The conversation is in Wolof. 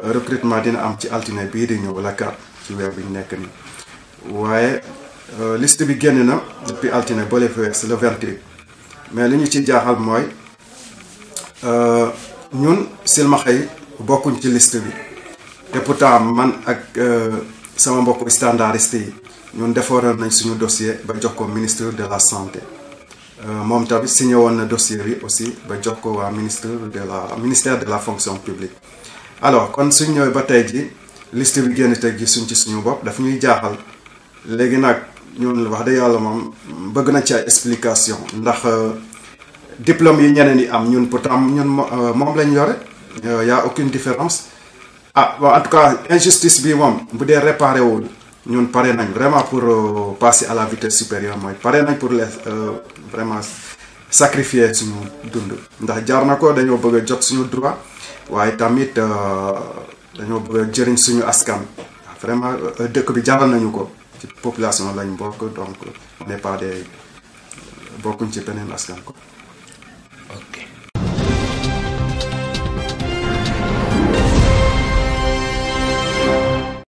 recrutement dina am ci altine bii di ñëw la kar ci weer bi ñu nekk nii waaye euh, liste bi génn na depuis altine ba le fees mais li ñu ci jaaxal mooy euh, ñun silmaxa yi bokkuñ ci liste bi te pourtant man ak euh, sama mbokk standardiste yi ñun defaroon nañ suñu dossier ba jox ko ministre de la santé moom tamit signé woon na dossier bi aussi ba jox ko waa ministre de la ministère de la fonction publique alors kon suñ ñëw ba tay ji liste bi génn tay ji suñ ci suñu bopp daf ñuy jaaxal léegi nag ñun wax dëgg yàlla moom bëgg na ci ay explication ndax euh, diplôme yi ñeneen yi am ñun pourtant ñun euh, moom lañ yore euh, y a aucune différence ah bon en tout cas injustice bi moom bu dee réparé wu ñun pare nañ vraiment pour passer à la vitesse supérieure mooy pare nañ pour les vraiment sacrifier suñu dund ndax jaar na ko dañoo bëgg a jot suñu droit waaye tamit euh, dañoo bëgg jëriñ suñu askan vraiment euh, dëkk bi jaral nañu ko ci population lañ bokk donc on bokkuñ ci beneen askan ko